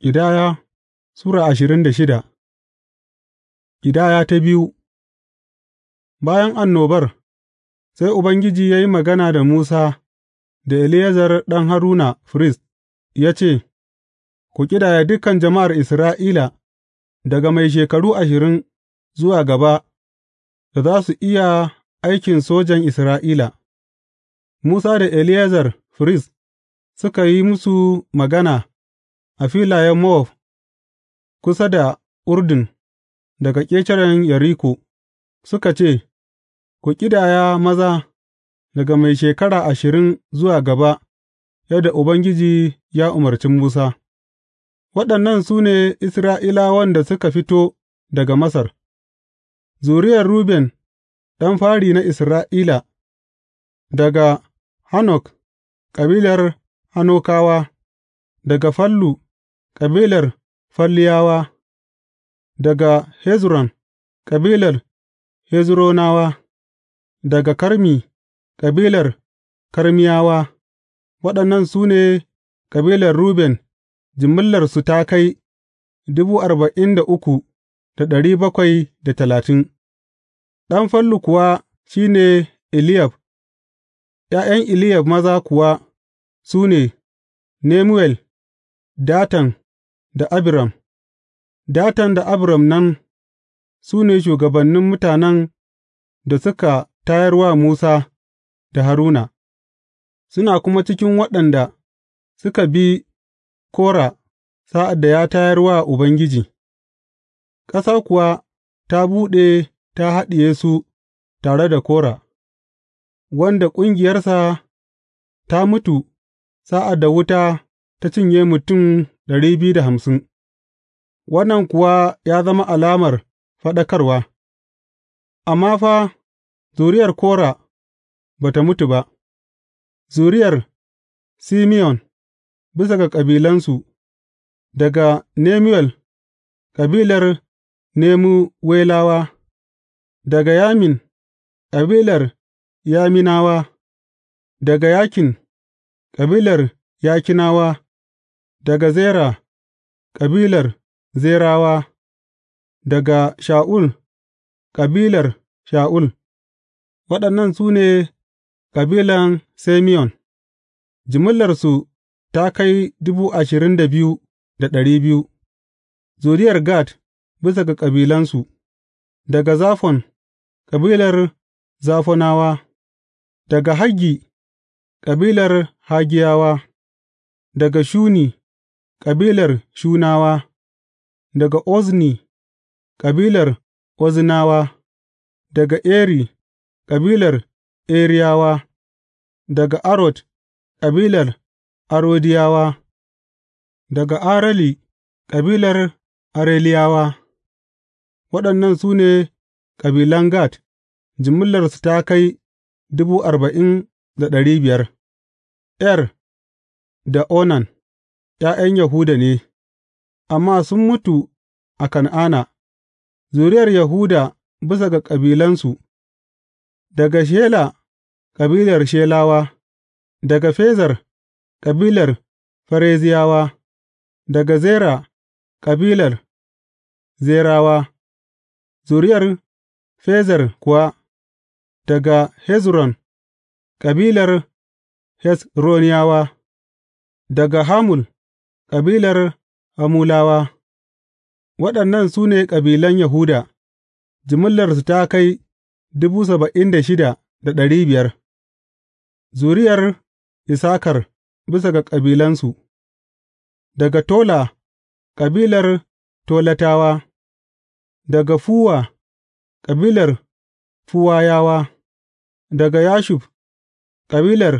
Ƙidaya Sura ashirin da shida Ƙidaya ta biyu Bayan annobar, sai Ubangiji ya yi magana da Musa da Eleyazar ɗan Haruna, firist, ya ce, Ku ƙidaya dukan jama'ar Isra'ila daga mai shekaru ashirin zuwa gaba da za su iya aikin sojan Isra'ila. Musa da Eleyazar, firist, suka yi musu magana. A filayen Mowab, kusa da Urdun daga ƙetaren Yeriko, suka ce, Ku ƙidaya maza daga mai shekara ashirin zuwa gaba yadda Ubangiji ya umarci Musa, waɗannan su ne Isra'ilawan da suka fito daga Masar, zuriyar Ruben ɗan fari na Isra'ila, daga Hanok, ƙabilar Hanokawa, daga Fallu. kabilar falliyawa daga Hezron, kabilar Hezronawa; daga Karmi, kabilar Karmiyawa Waɗannan su ne kabilar Ruben, jimillarsu ta kai Ɗan Fallu kuwa shi ne Eliyab, ’ya'yan Eliyab maza kuwa su ne, Nemuwel, Datan. da Abiram Datan da Abiram nan su ne shugabannin mutanen da suka tayar wa Musa da Haruna, suna kuma cikin waɗanda suka bi Kora sa'ad da ya tayar wa Ubangiji, ƙasa kuwa ta buɗe ta haɗiye su tare da Kora, wanda ƙungiyarsa ta mutu sa'ad da wuta ta cinye mutum Wannan kuwa ya zama alamar faɗakarwa, amma fa, zuriyar Kora ba ta mutu ba, zuriyar Simeyon bisa ga kabilansu, daga ƙabilar kabilar Nemuwelawa, daga Yamin, kabilar Yaminawa, daga Yakin, kabilar Yakinawa. Daga Zera, kabilar Zerawa; daga Sha'ul, kabilar Sha'ul Waɗannan su ne kabilan Simeyon; jimillarsu ta kai dubu ashirin da da biyu biyu. ɗari zuriyar Gad bisa ga kabilansu, daga Zafon, kabilar Zafonawa; daga Haggi, kabilar Haggiyawa; daga Shuni. kabilar Shunawa; daga Ozni, kabilar oznawa daga Eri, kabilar Eriyawa; daga Arod, kabilar Arodiyawa; daga Areli, kabilar Areliyawa Waɗannan su ne kabilan Gad; jimillarsu ta kai Er da Onan. ’ya'yan Yahuda ne, amma sun mutu a Kan'ana, zuriyar Yahuda bisa ga kabilansu, daga Shela, kabilar Shelawa; daga Fezar, kabilar Fereziyawa, daga Zera, kabilar Zerawa, zuriyar Fezar kuwa, daga Hezron, kabilar Hezroniyawa, daga Hamul. Kabilar Hamulawa Waɗannan su ne kabilan Yahuda; jimillarsu ta kai biyar. zuriyar Isakar bisa ga kabilansu, daga Tola, kabilar Tolatawa; daga Fuwa, kabilar Fuwayawa; daga Yashub, kabilar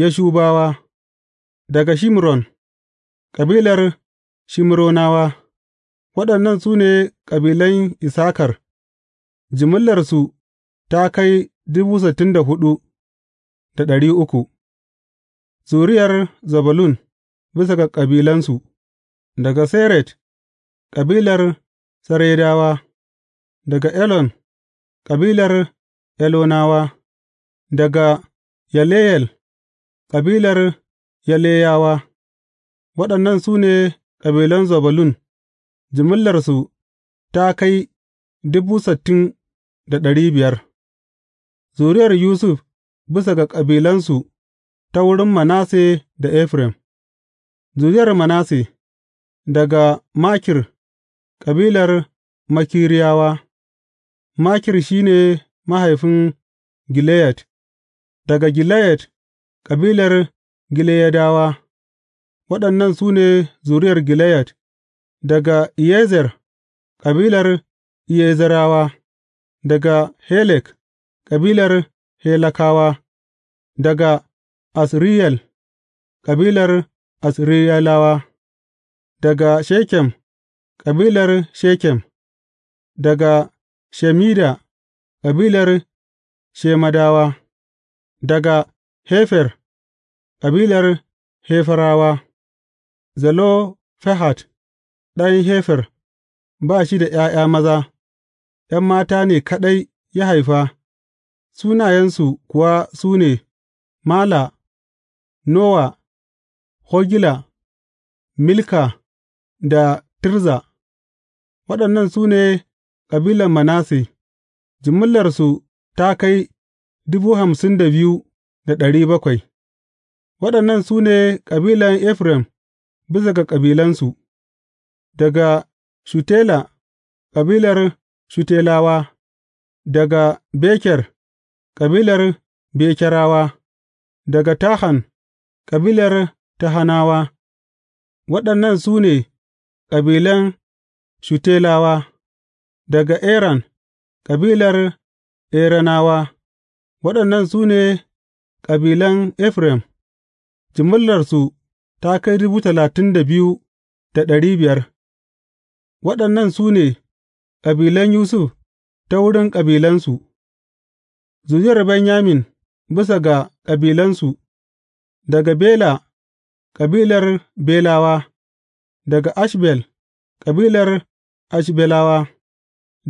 Yashubawa; daga Shimron. Kabilar Shimronawa Waɗannan su ne kabilan Issakar; jimillarsu ta kai dubu sittin da da hudu ɗari uku, Zuriyar zabalun bisa ga kabilansu, daga seret kabilar saredawa daga Elon, kabilar Elonawa; daga Yaleyel, kabilar yaleyawa. Waɗannan su ne kabilan Zebulun, jimillarsu ta kai Zuriyar Yusuf bisa ga kabilansu ta wurin Manasse da Efraim Zuriyar Manasse daga Makir, kabilar Makiriyawa Makir shi ne mahaifin Gileyad, daga Gileyad, kabilar Gileyadawa. Waɗannan su ne zuriyar Gileyad, daga Iyezer, kabilar Iyezerawa; daga Helek, kabilar helakawa, daga Asriyel, kabilar Asriyelawa; daga Shekem, kabilar Shekem; daga Shemida, kabilar Shemadawa; daga Hefer, kabilar Heferawa. Zelofehad ɗan Hefer ba shi da ’ya'ya maza, ’yan mata ne kaɗai ya haifa, sunayensu kuwa su ne, Mala, Nowa, Hogla, Milka da Tirza; waɗannan su ne kabilan Manasse, jimillarsu ta kai dubu hamsin da da biyu bakwai. Waɗannan su ne kabilan Efraim. bisa ga kabilansu, daga Shutela, kabilar Shutelawa, daga Beker, kabilar Bekerawa, daga Tahan, kabilar Tahanawa, waɗannan su ne kabilan Shutelawa, daga Eran, kabilar Eranawa, waɗannan su ne kabilan Efraim, jimillarsu ta kai dubu talatin da da biyu ɗari biyar. Waɗannan su ne ƙabilan Yusuf ta wurin ƙabilansu. zuriyar Benyamin bisa ga ƙabilansu. daga Bela, ƙabilar Belawa, daga Ashbel, ƙabilar Ashbelawa,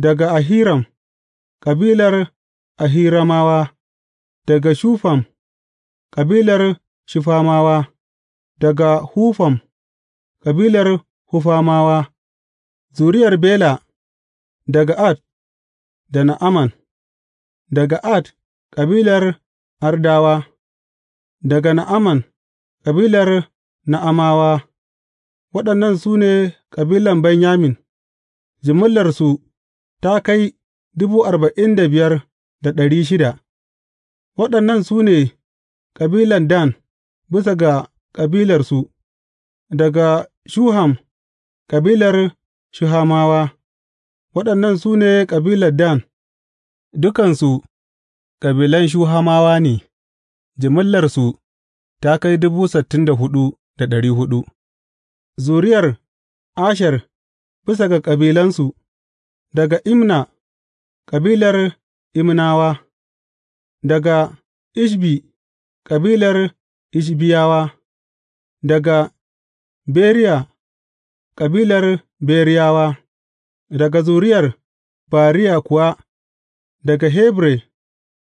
daga Ahiram, ƙabilar Ahiramawa, daga Shufam, ƙabilar Shufamawa. daga Hufam, kabilar Hufamawa; zuriyar Bela, daga Ad da Na'aman; daga Ad, kabilar Ardawa; daga Na'aman, kabilar Na'amawa Waɗannan su ne kabilan Benyamin, jimillarsu ta kai dubu arba'in da da biyar ɗari shida, Waɗannan su ne kabilan Dan bisa ga kabilarsu, daga Shuham, kabilar Shuhamawa, waɗannan su ne kabilar Dan, dukansu kabilan Shuhamawa ne, jimillarsu ta kai dubu sittin da da hudu hudu. ɗari Zuriyar Asher bisa ga kabilansu, daga Imna, kabilar Imnawa, daga Ishbi, kabilar Ishbiyawa. Daga Beriya, kabilar Beriyawa; daga zuriyar Bariya kuwa, daga Hebre,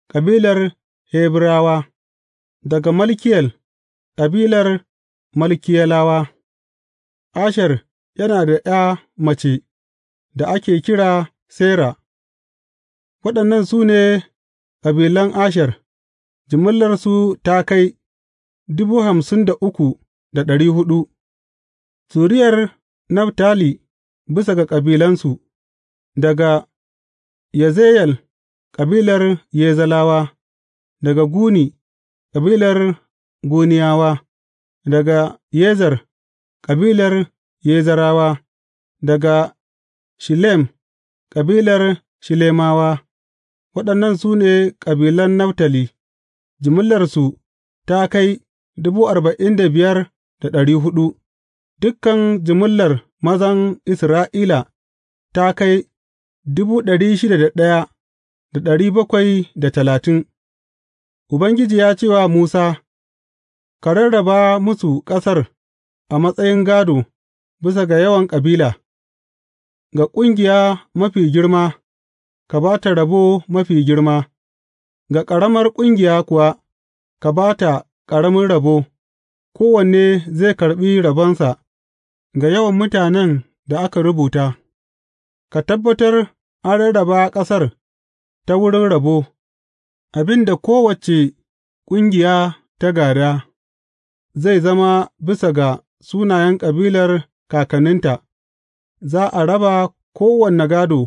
kabilar Hebrawa; daga Malkiyel, kabilar Malkiyelawa Asher yana da ’ya mace da ake kira Sera Waɗannan su ne kabilan Asher, jimillarsu ta kai dubu hamsin da uku. da ɗari Zuriyar Naftali bisa ga kabilansu, daga Yazeyel, kabilar yezalawa, daga Guni, kabilar Guniyawa; daga Yezer, kabilar Yezerawa; daga shilem kabilar shilemawa Waɗannan su ne kabilan Naftali; jimillarsu ta kai dubu arba'in da biyar da ɗari huɗu, dukan jimillar mazan Isra'ila ta kai talatin. Ubangiji ya ce wa Musa, Ka rarraba musu ƙasar a matsayin gado bisa ga yawan ƙabila. ga ƙungiya mafi girma, ka ba ta rabo mafi girma, ga ƙaramar ƙungiya kuwa, ka ba ta ƙaramin rabo, kowanne zai karɓi rabonsa ga yawan mutanen da aka rubuta, ka tabbatar an rarraba ƙasar ta wurin rabo, abin da kowace ƙungiya ta gada zai zama bisa ga sunayen kabilar kakanninta, za a raba kowane gado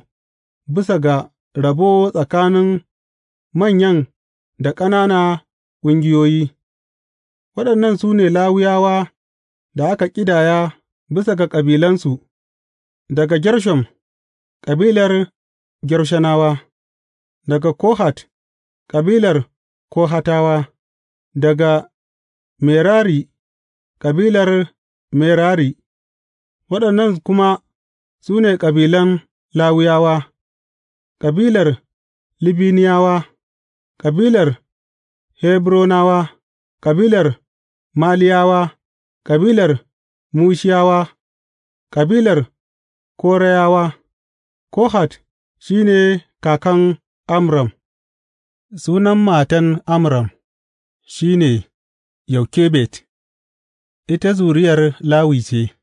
bisa ga rabo tsakanin manyan da ƙanana ƙungiyoyi. Waɗannan su ne Lawiyawa da aka ƙidaya bisa ga kabilansu, daga Gershom, kabilar Gershonawa; daga Kohat, kabilar Kohatawa; daga Merari, kabilar Merari; waɗannan kuma su ne kabilan Lawiyawa, kabilar Libniyawa, kabilar Hebronawa, kabilar Maliyawa, kabilar Mushiyawa, kabilar Korayawa Kohat shi ne kakan Amram Sunan matan Amram shi ne Yaukebet. ita zuriyar Lawi ce,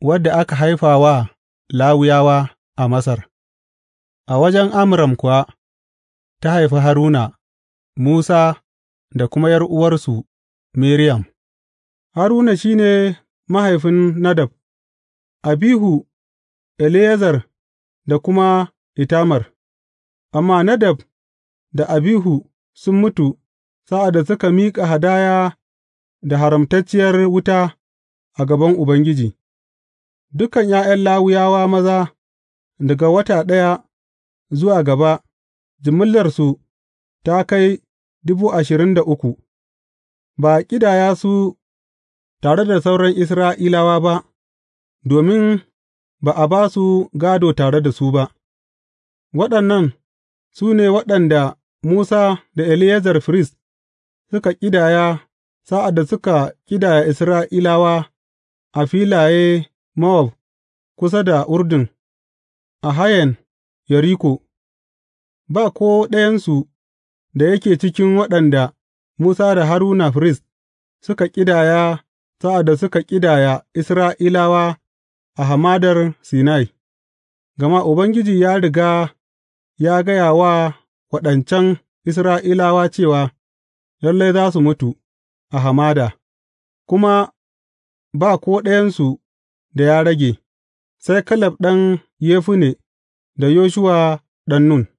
wadda aka haifa wa Lawiyawa a Masar, a wajen Amram kuwa ta haifi Haruna, Musa da kuma ’yar'uwarsu. Miriyam Haruna shi ne mahaifin Nadab, Abihu, Eleyazar da kuma Itamar, amma Nadab da Abihu sun mutu sa'ad da suka miƙa hadaya da haramtacciyar wuta a gaban Ubangiji, dukan ’ya'yan lawuyawa maza daga wata ɗaya zuwa gaba, jimillarsu ta kai dubu ashirin da uku. ba a ƙidaya su tare da sauran Isra'ilawa ba, domin ba a ba su gādo tare da su ba, waɗannan su ne waɗanda Musa da Eleyazar firist suka ƙidaya sa'ad da suka ƙidaya Isra'ilawa a filaye Mowab kusa da Urdun, a hayan Yeriko, ba ko ɗayansu da yake cikin waɗanda Musa da Haruna firist suka ƙidaya sa'ad da suka ƙidaya Isra'ilawa a Hamadar Sinai, gama Ubangiji ya riga ya gaya wa waɗancan Isra'ilawa cewa lalle za su mutu a hamada, kuma ba ko ɗayansu da ya rage, sai Kaleb ɗan Yefunne da Yoshuwa ɗan Nun.